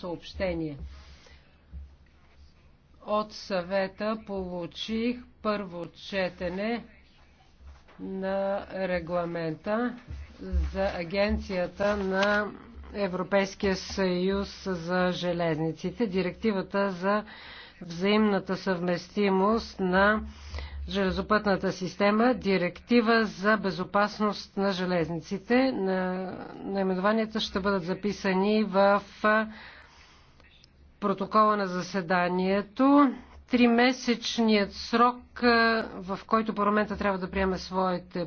съобщение. От съвета получих първо четене на регламента за агенцията на Европейския съюз за железниците, директивата за взаимната съвместимост на железопътната система, директива за безопасност на железниците. Наименованията ще бъдат записани в протокола на заседанието. Тримесечният срок, е, в който парламента трябва да приеме своите